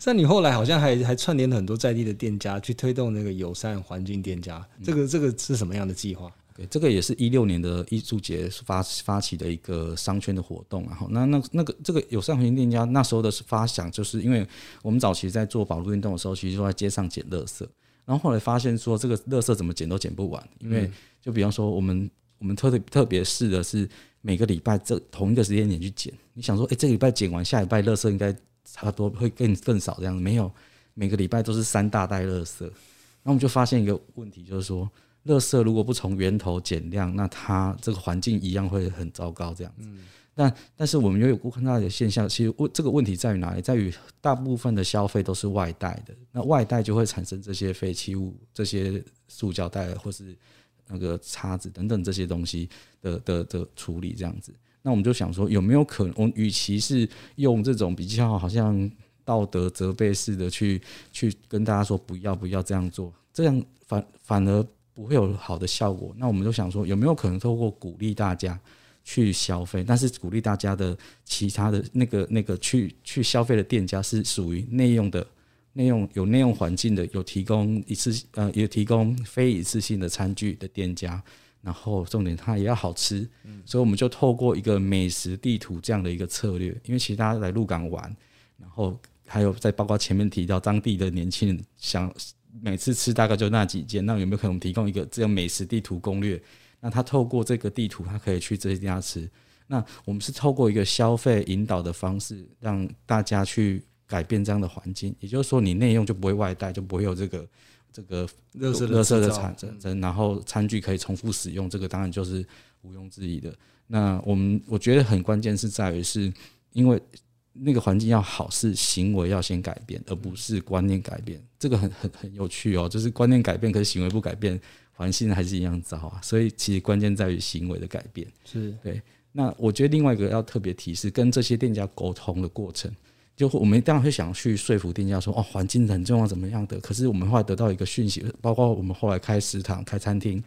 像 你後來好像還還串聯了很多在地的店家，去推動那個友善環境店家。這個這個是什麼樣的計劃？對、嗯，okay, 這個也是一六年的藝術節發發起的一個商圈的活動、啊。然後那那個、那個這個友善環境店家，那時候的是發想，就是因為我們早期在做保鹿運動的時候，其實就在街上撿垃圾，然後後來發現說這個垃圾怎麼撿都撿不完，因為就比方說我們。我們特特別試的是每個禮拜這同一個時間點去撿，你想說，誒、欸，這禮拜撿完，下禮拜垃圾應該差不多會更更少這樣子。沒有，每個禮拜都是三大袋垃圾。那我們就發現一個問題，就是說，垃圾如果不從源頭減量，那它這個環境一樣會很糟糕這樣子。嗯、但但是我們又有觀大的現象，其實問這個問題在於哪裡？在於大部分的消費都是外帶的，那外帶就會產生這些廢棄物，這些塑膠袋或是。那個叉子等等這些東西的的的處理這樣子，那我們就想說有沒有可能，我們與其是用這種比較好像道德責備式的去去跟大家說不要不要這樣做，這樣反反而不會有好的效果。那我們就想說有沒有可能透過鼓勵大家去消費，但是鼓勵大家的其他的那個那個去去消費的店家是屬於內用的。內用，有內用環境的，有提供一次呃，有提供非一次性的餐具的店家，然後重點它也要好吃、嗯，所以我們就透過一個美食地圖這樣的一個策略，因為其實大家來鹿港玩，然後還有在包括前面提到當地的年輕人想每次吃大概就那幾件，那有沒有可能提供一個這樣美食地圖攻略？那他透過這個地圖，他可以去這些家吃。那我們是透過一個消費引導的方式，讓大家去。改變這樣的環境，也就是說，你內用就不會外帶，就不會有這個這個垃圾垃圾的產生，然後餐具可以重複使用，這個當然就是毋庸置疑的。那我們我覺得很關鍵是在於，是因為那個環境要好，是行為要先改變，而不是觀念改變。這個很很很有趣哦、喔，就是觀念改變，可是行為不改變，環境還是一樣糟啊。所以其實關鍵在於行為的改變，是對。那我覺得另外一個要特別提示，跟這些店家溝通的過程。就我們當然會想去說服店家說，哦，環境很重要，怎麼樣的？可是我們後來得到一個訊息，包括我們後來開食堂、開餐廳，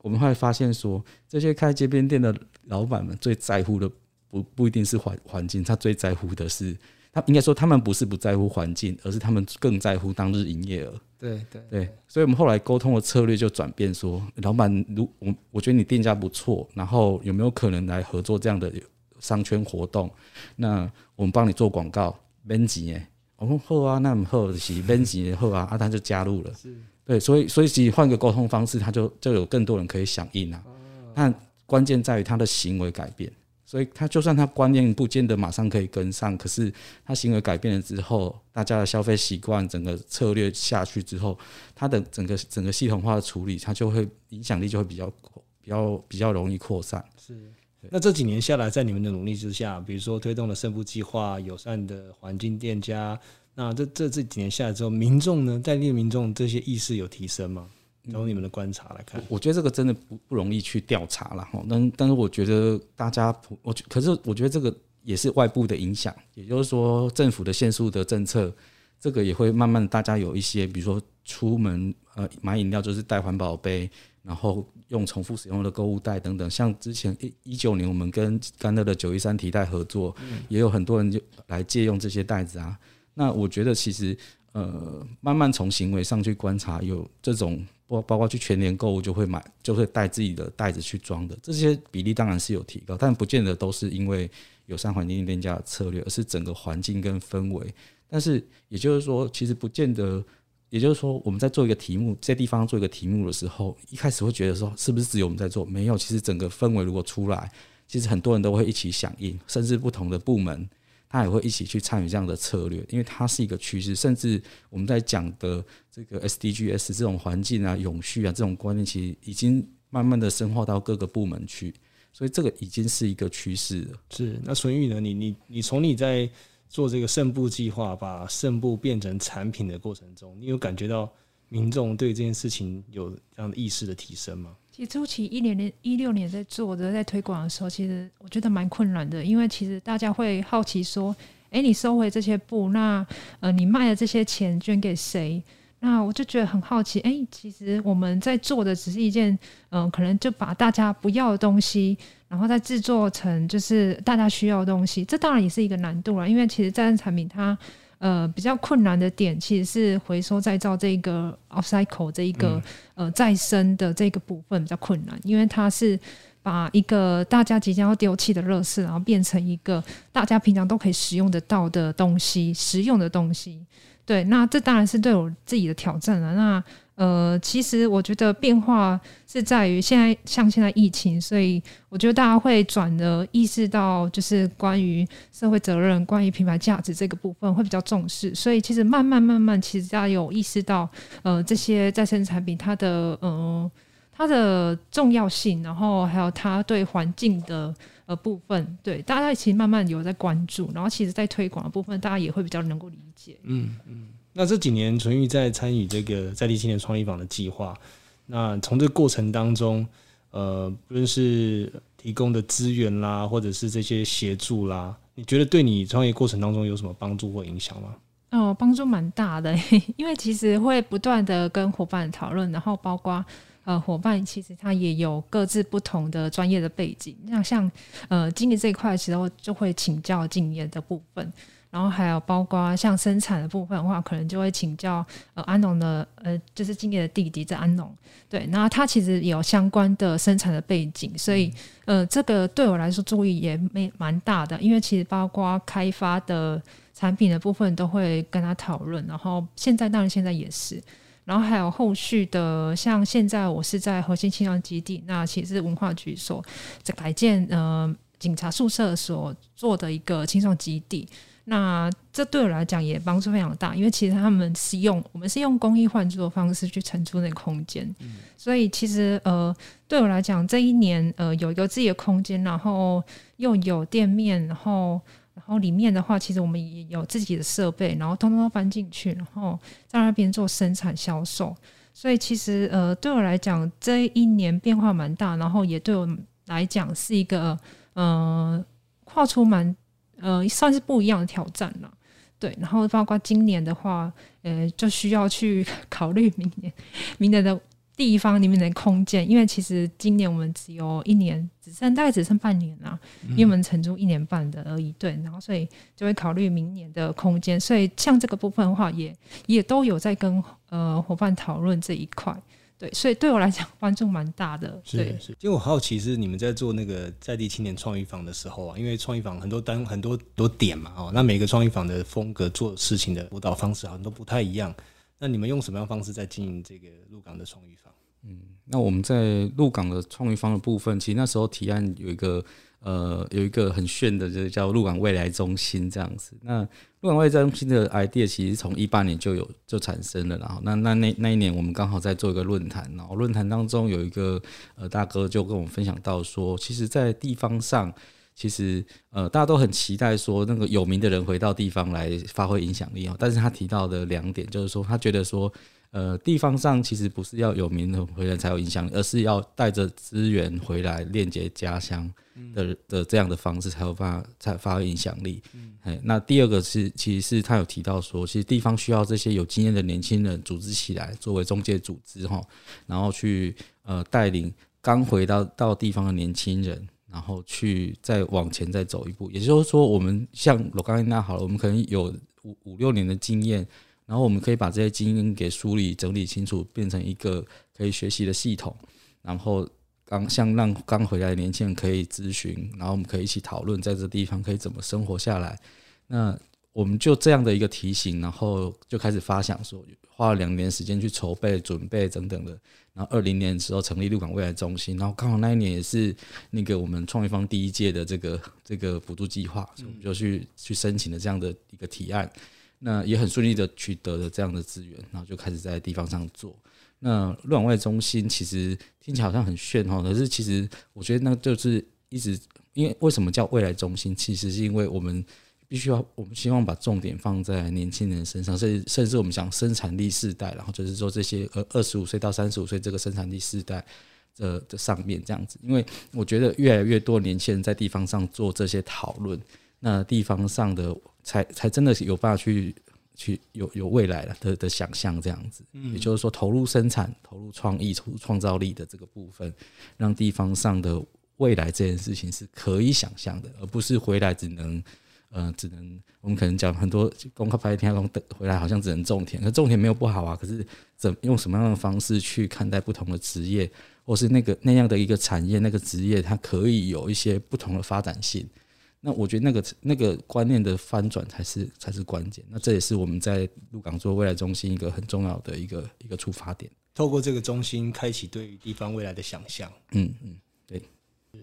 我們後來發現說，這些開街邊店的老闆們最在乎的不，不不一定是環環境，他最在乎的是，他應該說他們不是不在乎環境，而是他們更在乎當日營業額。對對對，所以我們後來溝通的策略就轉變說，欸，老闆如我，我覺得你店家不錯，然後有沒有可能來合作這樣的？商圈活動，那我們幫你做廣告，免錢的我們好啊，那麼們好是免錢的好啊，阿、啊、丹就加入了。對，所以所以其實換個溝通方式，他就就有更多人可以響應了、啊、嗯。那、啊、關鍵在於他的行為改變，所以他就算他觀念不見得馬上可以跟上，可是他行為改變了之後，大家的消費習慣，整個策略下去之後，他的整個整個系統化的處理，它就會影響力就會比較比較比較，比較容易擴散。那這幾年下來，在你們的努力之下，比如說推動了“剩布計劃”、“友善的環境店家”，那這這這幾年下來之後，民眾呢，帶領民眾這些意識有提升嗎？從你們的觀察來看？嗯，我，我覺得這個真的不不容易去調查了，但是我覺得大家，我可是我覺得這個也是外部的影響，也就是說政府的限塑的政策。這個也會慢慢，大家有一些，比如說出門呃買飲料就是帶環保杯，然後用重複使用的購物袋等等。像之前一九年，我們跟甘樂的九一三提袋合作，也有很多人就來借用這些袋子啊。那我覺得其實呃，慢慢從行為上去觀察，有這種包包括去全年購物就會買，就會帶自己的袋子去裝的，這些比例當然是有提高，但不見得都是因為友善環境店家的策略，而是整個環境跟氛圍。但是，也就是說，其實不見得。也就是說，我們在做一個題目，在地方做一個題目的時候，一開始會覺得說，是不是只有我們在做？沒有，其實整個氛圍如果出來，其實很多人都會一起響應，甚至不同的部門，他也會一起去參與這樣的策略，因為它是一個趨勢。甚至我們在講的這個 SDGs 這種環境啊、永續啊這種觀念，其實已經慢慢的深化到各個部門去，所以這個已經是一個趨勢了。是。那純瑜呢？你你你從你在。做這個剩布計劃，把剩布變成產品的過程中，你有感覺到民眾對這件事情有這樣的意識的提升嗎？其實初期一零一六年在做的，在推廣的時候，其實我覺得蠻困難的，因為其實大家會好奇說：“哎、欸，你收回這些布，那呃，你賣的這些錢捐給誰？”那我就覺得很好奇。哎、欸，其實我們在做的只是一件，嗯、呃，可能就把大家不要的東西。然後再製作成就是大家需要的東西，這當然也是一個難度了。因為其實再生產品它，呃比較困難的點，其實是回收再造這一個 upcycle 這一個、嗯、呃再生的這個部分比較困難，因為它是把一個大家即將要丟棄的垃圾，然後變成一個大家平常都可以使用得到的東西，實用的東西。對，那這當然是對我自己的挑戰了。那呃，其實我覺得變化是在於現在，像現在疫情，所以我覺得大家會轉而意識到，就是關於社會責任、關於品牌價值這個部分會比較重視。所以其實慢慢慢慢，其實大家有意識到，呃，這些再生產品它的嗯、呃、它的重要性，然後還有它對環境的呃部分，對大家其實慢慢有在關注，然後其實在推廣的部分，大家也會比較能夠理解。嗯嗯。那這幾年，純瑜在參與這個在地青年創業榜的計劃。那從這個過程當中，呃，不論是提供的資源啦，或者是這些協助啦，你覺得對你創業過程當中有什麼幫助或影響嗎？哦，幫助蠻大的，因為其實會不斷的跟夥伴討論，然後包括呃，夥伴其實他也有各自不同的專業的背景，那像呃，經理這一塊，其實我就會請教經驗的部分。然後還有包括像生產的部分的話，可能就會請教呃，安農的呃，就是敬業的弟弟在安農，對，那他其實有相關的生產的背景，所以呃，這個對我來說注意也沒蠻大的，因為其實包括開發的產品的部分都會跟他討論。然後現在當然現在也是，然後還有後續的像現在我是在核心青創基地，那其實是文化局所在改建呃，警察宿舍所做的一個青創基地。那這對我來講也幫助非常大，因為其實他們是用我們是用公益換租的方式去承租那個空間。嗯，所以其實呃對我來講這一年呃有一個自己的空間，然後又有店面，然後然後裡面的話，其實我們也有自己的設備，然後通通都搬進去，然後在那邊做生產銷售。所以其實呃對我來講這一年變化蠻大，然後也對我來講是一個呃跨出蠻。呃，算是不一樣的挑戰了，對。然後包括今年的話，呃，就需要去考慮明年、明年的地方、裡面的空間，因為其實今年我們只有一年，只剩大概只剩半年了，因為我們承租一年半的而已。對，然後所以就會考慮明年的空間，所以像這個部分的話也，也也都有在跟呃夥伴討論這一塊。對，所以對我來講幫助蠻大的。對是，因為我好奇是你們在做那個在地青年創育坊的時候啊，因為創育坊很多單很多很多點嘛，哦，那每個創育坊的風格、做事情的輔導方式好像都不太一樣。那你們用什麼樣方式在經營這個鹿港的創育坊？嗯，那我們在鹿港的創育坊的部分，其實那時候提案有一個。呃，有一個很炫的，就叫鹿港未來中心這樣子。那鹿港未來中心的 idea 其實從一八年就有就產生了，然後那那那那一年我們剛好在做一個論壇，然後論壇當中有一個呃大哥就跟我們分享到說，其實，在地方上，其實呃大家都很期待說那個有名的人回到地方來發揮影響力。但是他提到的兩點就是說，他覺得說。呃，地方上其實不是要有名人回來才有影響力，而是要帶着資源回來鏈接家鄉的、嗯、的這樣的方式才有發才發揮影響力。哎、嗯，那第二個是，其實是他有提到說，其實地方需要這些有經驗的年輕人組織起來，作為中介組織哈，然後去呃帶領剛回到到地方的年輕人，然後去再往前再走一步。也就是說，我們像我剛才那樣好了，我們可能有五五六年的經驗。然後我們可以把這些經驗給梳理、整理清楚，變成一個可以學習的系統。然後剛像讓剛回來的年輕人可以諮詢，然後我們可以一起討論，在這地方可以怎麼生活下來。那我們就這樣的一個提醒，然後就開始發想說，說花了兩年時間去籌備、準備等等的。然後二零年的時候成立鹿港未來中心，然後剛好那一年也是那個我們創業方第一屆的這個這個補助計劃，所以我們就去、嗯、去申請了這樣的一個提案。那也很順利的取得了這樣的資源，然後就開始在地方上做。那亂外中心其實聽起來好像很炫哦，可是其實我覺得那就是一直，因為為什麼叫未來中心？其實是因為我們必須要，我們希望把重點放在年輕人身上，甚甚至我們講生產力世代，然後就是說這些呃二十五歲到三十五歲這個生產力世代的的上面這樣子。因為我覺得越來越多年輕人在地方上做這些討論。那地方上的才才真的是有辦法去去有有未來的的想象這樣子，也就是說投入生產、投入創意、出創造力的這個部分，讓地方上的未來這件事情是可以想象的，而不是回來只能呃、只能我們可能講很多工科派天龍的回來好像只能種田，可種田沒有不好啊，可是怎用什麼樣的方式去看待不同的職業，或是那個那樣的一個產業那個職業，它可以有一些不同的發展性。那我覺得那個那個觀念的翻轉才是才是關鍵，那這也是我們在鹿港做未來中心一個很重要的一個一個出發點，透過這個中心開啟對於地方未來的想象。嗯嗯，對。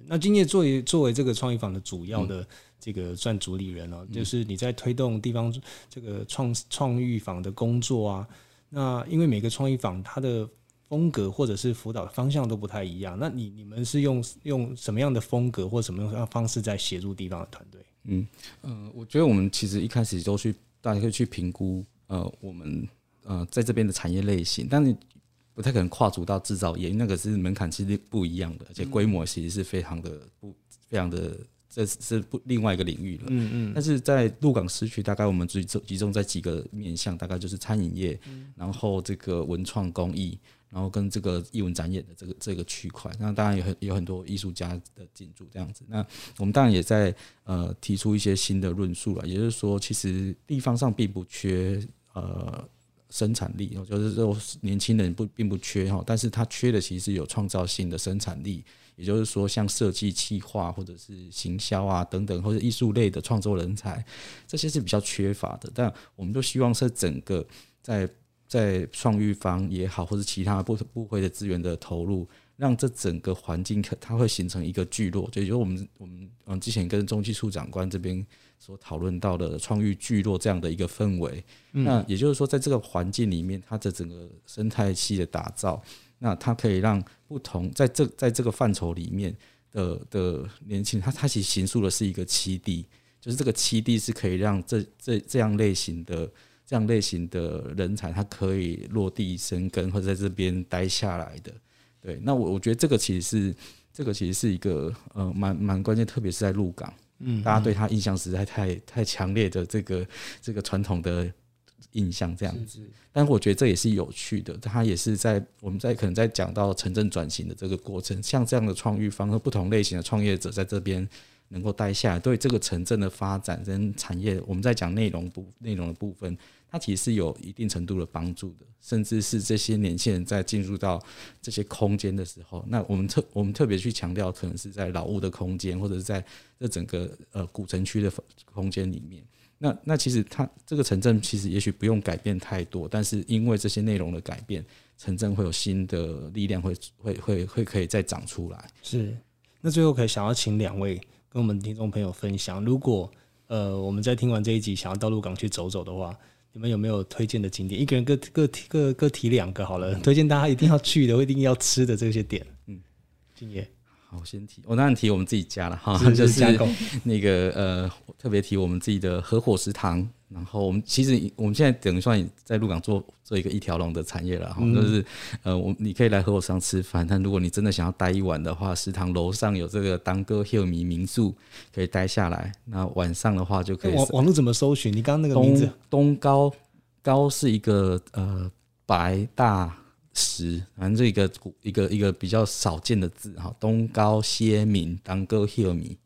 那今天作為作為這個創意坊的主要的這個算主理人哦，嗯、就是你在推動地方這個創創意坊的工作啊，那因為每個創意坊它的。風格或者是輔導的方向都不太一樣。那你你們是用用什麼樣的風格或什麼樣的方式在協助地方的團隊？嗯嗯、呃，我覺得我們其實一開始都去，大家可以去評估。呃，我們呃在這邊的產業類型，但是不太可能跨足到製造業，那個是門檻其實不一樣的，而且規模其實是非常的不、嗯、非常的。這是不另外一個領域了，嗯嗯，但是在鹿港市區，大概我們最集中在幾個面向，大概就是餐飲業，然後這個文創工藝，然後跟這個藝文展演的這個這個區塊，那當然有很有很多藝術家的進駐這樣子。那我們當然也在呃提出一些新的論述了，也就是說，其實地方上並不缺呃。生產力，我覺得這種年輕人不並不缺哈，但是他缺的其實有創造性的生產力，也就是說像設計、企劃或者是行銷啊等等，或者藝術類的創作人才，這些是比較缺乏的。但我們都希望是整個在在創育方也好，或者其他部會的資源的投入，讓這整個環境可它會形成一個聚落。就是我們我們之前跟中企處長官這邊。所討論到的創育聚落這樣的一個氛圍，那也就是說，在這個環境裡面，它的整個生態系的打造，那它可以讓不同在這在這個範疇裡面的的年輕人，它他其實形塑的是一個棲地，就是這個棲地是可以讓這這這樣類型的這樣類型的人才，它可以落地生根或者在這邊待下來的。對，那我我覺得這個其實是這個其實是一個呃蠻蠻關鍵，特別是在鹿港。嗯，大家對他印象實在太太強烈的這個這個傳統的印象這樣子，但是我覺得這也是有趣的，他也是在我們在可能在講到城鎮轉型的這個過程，像這樣的創育方和不同類型的創業者在這邊能夠待下來，對這個城鎮的發展跟產業，我們在講內容部內容的部分，它其實是有一定程度的幫助的，甚至是這些年輕人在進入到這些空間的時候，那我們特我們特別去強調，可能是在老屋的空間，或者是在這整個呃古城區的空間裡面。那那其實它這個城鎮其實也許不用改變太多，但是因為這些內容的改變，城鎮會有新的力量會會會會可以再長出來。是，那最後可以想要請兩位跟我們聽眾朋友分享，如果呃我們在聽完這一集想要到鹿港去走走的話。你們有沒有推薦的景點？一個人各各，各，各，各提各各提兩個好了，嗯、推薦大家一定要去的，或一定要吃的這些點。嗯，敬業，好，我先提。我當然提我們自己家了哈，就是那個呃，特別提我們自己的合夥食堂。然後我們其實我們現在等於算在鹿港做做一個一條龍的產業了哈，就是呃，我你可以來禾火食堂吃飯，但如果你真的想要待一晚的話，食堂樓上有這個當哥 hill 米民宿可以待下來。那晚上的話就可以網網絡怎麼搜尋你剛剛那個名字東？東高高是一個呃白大石，反正這一個一個一個比較少見的字哈。東高歇米當哥 hill 米。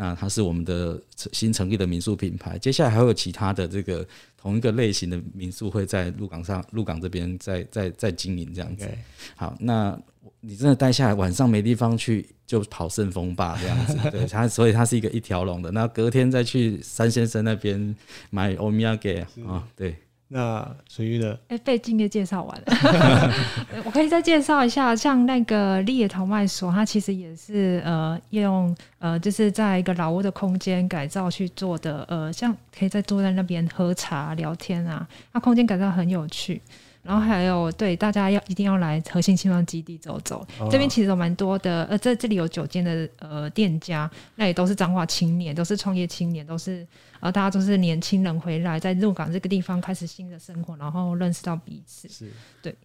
那它是我們的新成立的民宿品牌，接下來還有其他的這個同一個類型的民宿會在鹿港上鹿港這邊在再再經營這樣子。Okay. 好，那你真的待下來晚上沒地方去就跑聖豐吧這樣子， 對，它所以它是一個一條龍的。那隔天再去參先生那邊買歐米茄啊，對。那誰呢？哎，被敬業介紹完了 我可以再介紹一下，像那個麗野陶賣所，它其實也是呃，用呃，就是在一個老屋的空間改造去做的，呃，像可以在坐在那邊喝茶聊天啊，他空間改造很有趣。然後還有，對，大家要一定要來核心青創基地走走，這邊其實有蠻多的，呃，這這裡有九間的呃店家，那也都是彰化青年，都是創業青年，都是呃大家都是年輕人回來在鹿港這個地方開始新的生活，然後認識到彼此，是，對。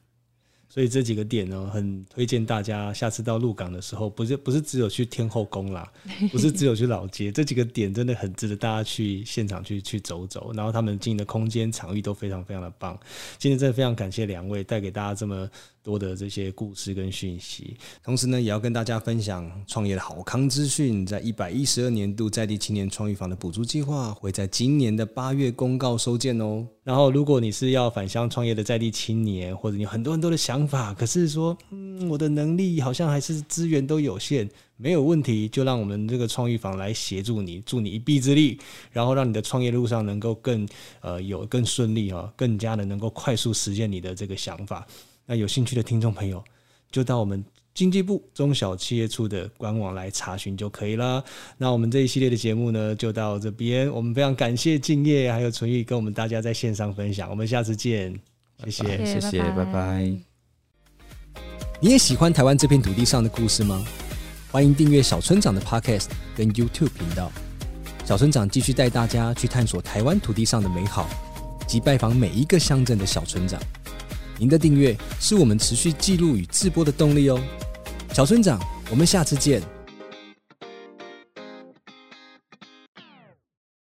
所以這幾個點呢，很推薦大家下次到鹿港的時候，不是，不是只有去天後宮啦，不是只有去老街， 這幾個點真的很值得大家去現場去去走走，然後他們經營的空間場域都非常非常的棒。今天真的非常感謝兩位帶給大家這麼。多的這些故事跟訊息，同時呢，也要跟大家分享創業的好康資訊。在一百一十二年度在地青年創育坊的補助計劃，會在今年的八月公告收件哦。然後，如果你是要返鄉創業的在地青年，或者你有很多很多的想法，可是說，嗯，我的能力好像還是資源都有限，沒有問題，就讓我們這個創育坊來協助你，助你一臂之力，然後讓你的創業路上能夠更呃有更順利啊，更加的能夠快速實現你的這個想法。那有興趣的聽眾朋友，就到我們經濟部中小企業處的官網來查詢就可以了。那我們這一系列的節目呢，就到這邊。我們非常感謝敬業還有純瑜跟我們大家在線上分享。我們下次見，謝謝，拜拜，謝謝，謝謝謝謝，拜拜。你也喜歡台灣這片土地上的故事嗎？歡迎訂閱小村長的 Podcast 跟 YouTube 頻道。小村長繼續帶大家去探索台灣土地上的美好，及拜訪每一個鄉鎮的小村長。您的訂閱是我們持續記錄與直播的動力哦，小村長，我們下次見。